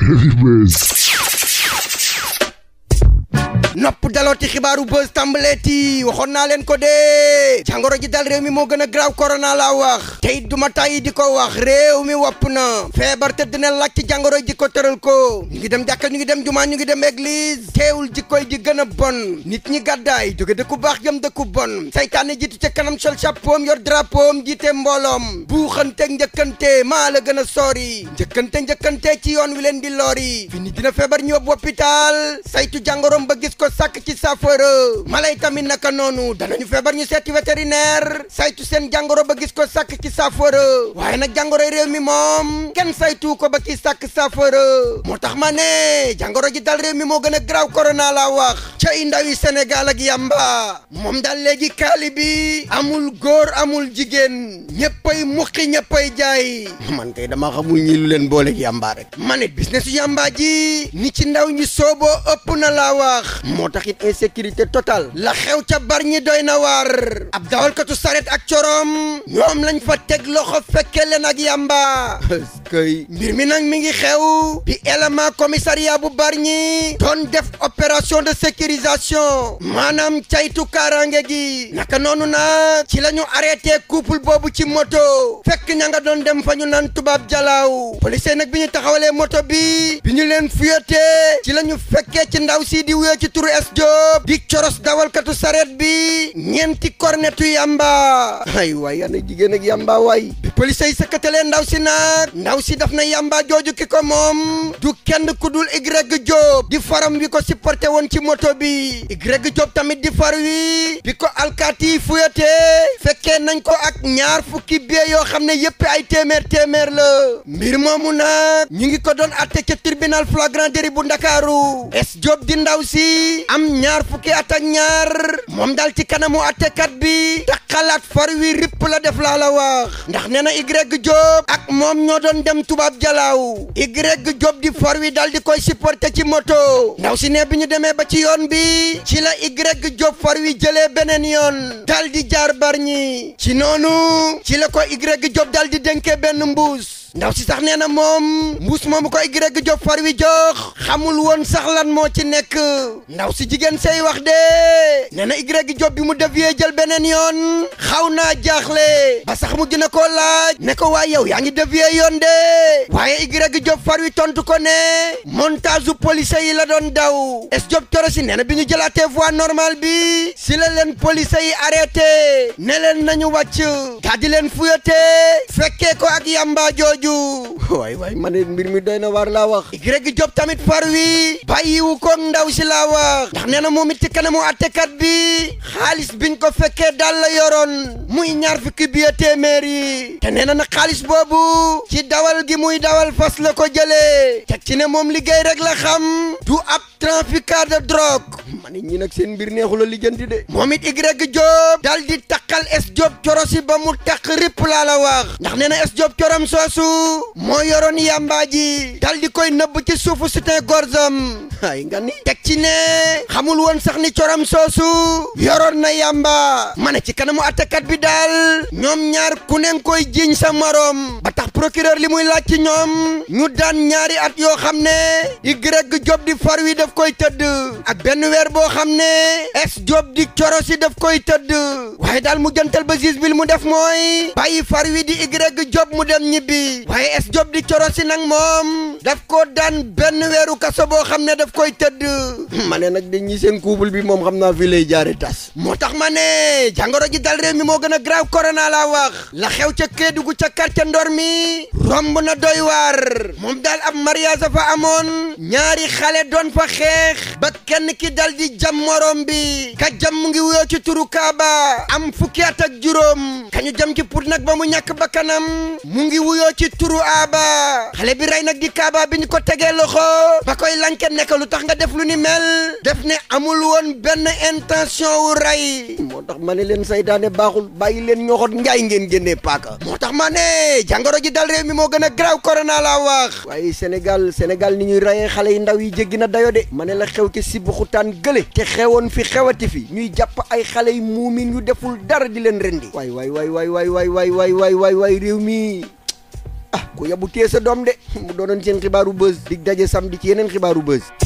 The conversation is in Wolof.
Anyways. nopp dalooti xibaaru buzz tàmbaleeti waxoon naa leen ko dee jàngoro ji dal réew mi moo gën a graaw korona laa wax tey it duma tàyyi di ko wax réew mi wopp na feebar te dina laaj ci jàngoro ji ko tëral ko ñu ngi dem jàkka ñu ngi dem jumaa ñu ngi dem église teewul jikkoy di gën a bon nit ñi gàddaay jóge dëkku baax jëm dëkku bon saytaane jiitu ca kanam sol chapeau yor drapeau jiite mbooloom buuxanteeg njëkkante maa la gën a sori njëkkante njëkkante ci yoon leen di lori fi nit dina feebar ñu yóbbu hôpital saytu jàngoroom ba gis ko ko sàkk ci saafara mala yi tamit naka noonu danañu feebar ñu seeti vétérinaire saytu seen jàngoro ba gis ko sàkk ci saafara waaye nag jàngoro réew mi moom kenn saytu ko ba ci sàkk saafara moo tax ma ne jàngoro ji dal réew mi moo gën a graaw corona laa wax cay ndawi Sénégal ak yamba moom daal léegi kaali bi amul góor amul jigéen ñëppay muqi ñëppay jaay man kay dama xamul ñi lu leen booleeg yamba rek ma ne business yamba ji ni ci ndaw ñi sooboo ëpp na laa wax moo tax it insécurité total la xew ca bar ñi doy na waar ab dawalkatu saret ak corom ñoom lañ fa teg loxo fekke leen ak yamba kay mbir mi nag mi ngi xew bi élément commissariat bu bar ñi doon def opération de sécurité sécurisation maanaam caytu kaaraange gi naka noonu nag ci la ñu arrêté couple boobu ci moto fekk ña nga doon dem fa ñu naan tubaab jalaaw policier nag bi ñu taxawalee moto bi bi ñu leen fuyatee ci la ñu fekkee ci ndaw si di wuyoo ci turu es Diop di coros dawalkatu sareet bi ñeenti kornetu yamba ay waay ana jigéen ak yamba waay police yi sëkkatalee ndaw si nag ndaw si daf na yàmbaa jooju ki ko moom du kenn ku dul Y Diop di faram wi ko supporté woon ci moto bi Y Diop tamit di far wi bi ko alkaati fuyate fekke nañ ko ak ñaar fukki bee yoo xam ne yëpp ay téeméer téeméer la mbir moomu nag ñu ngi ko doon atte ca tribunal flagrant délit bu ndakaaru es Diop di ndaw si am ñaar fukki at ñaar moom daal ci kanamu attekat bi xalaat far wi ripp la def laa la wax ndax nee na Ibrahima Diop ak moom ñoo doon dem tubaab jalaaw Ibrahima Diop di far wi dal di koy supporter ci moto ndaw si ne bi ñu demee ba ci yoon bi ci la Ibrahima Diop far wi jëlee beneen yoon dal di jaar barñi ci noonu ci la ko Ibrahima Diop dal di dénkee benn mbuus ndaw si sax nee na moom mbuus moomu koy greg job far wi jox xamul woon sax lan moo ci nekk ndaw si jigéen say wax de nee na greg job bi mu defee jël beneen yoon xaw naa jaaxle ba sax mu na ko koo laaj ne ko waaye yow yaa ngi defee yoon de waaye i job far wi tontu ko ne montage u police yi la doon daw es job torosi nee na bi ñu jëlaatee voi normal bi si la leen police yi arrêté ne leen nañu wàcc daa di leen fuyate fekkee ko ak yamba jooju Diouf waay waay ma mbir mi doy na waar laa wax Greg Diop tamit far wi bàyyiwu ko ndaw si laa wax ndax nee na moom it ci kanamu attekat bi xaalis biñ ko fekkee daal la yoroon muy ñaar fukki biya téeméer te nee na nag xaalis boobu ci dawal gi muy dawal fas la ko jëlee teg ci ne moom liggéey rek la xam du ab trafiquant de drogue ma ñi nag seen mbir neexu la lijjanti de moom it Greg Diop dal takkal es Diop corosi ba mu takk ripp laa la wax ndax nee na es Diop corom soosu moo yoroon yàmbaa ji dal di koy nëbb ci suufu soutien gorzam ay nga ni teg ci ne xamul woon sax ni coram soosu yoroon na yàmba ma ci kanamu attakat bi daal ñoom ñaar ku ne koy jiiñ sa morom ba tax procureur li muy laaj ci ñoom ñu daan ñaari at yoo xam ne Y Job di far wi daf koy tëdd ak benn weer boo xam ne es Job di coro si koy tëdd waaye daal mu jëntal ba gis bi mu def mooy bàyyi far wi di Y Job mu dem ñibbi waay waaye es job di corosi nag moom daf koo daan benn weeru kaso boo xam ne daf koy tëdd hmm, ma ne nag dañuy seen couple bi moom xam naa fii lay jaare tas moo tax ma ne jàngoro ji dal réew mi moo gën a grave corona laa wax la xew ca Kédougou ca quartier Ndor mi romb na doy waar moom daal ab mariage fa amoon ñaari xale doon fa xeex ba kenn ki dal di jam morom bi ka jam mu ngi wuyoo ci turu am fukki at ak juróom ka jam ci pour nag ba mu ñàkk bakkanam mu ci xale bi rey nag di kaaba bi ñu ko tegee loxo ba koy lanket nekk lu tax nga def lu ni mel def ne amul woon benn intention wu rey moo tax ma ne leen saytaane baaxul bàyyi leen ñoxot njaay ngeen génnee paaka moo tax ma ne jàngoro ji dal réew mi moo gën a graaw korona laa wax waaye Sénégal Sénégal ni ñuy reyee xale yi ndaw yi jéggi na dayo de ma ne la xew ci sibu xutaan gële te xewoon fi xewati fi ñuy jàpp ay xale yi muumin yu deful dara di leen rendi waay waay waay waay waay réew mi ku yabu téye sa doom de mu doonoon seen xibaaru buzz dig daje di ci yeneen xibaaru buzz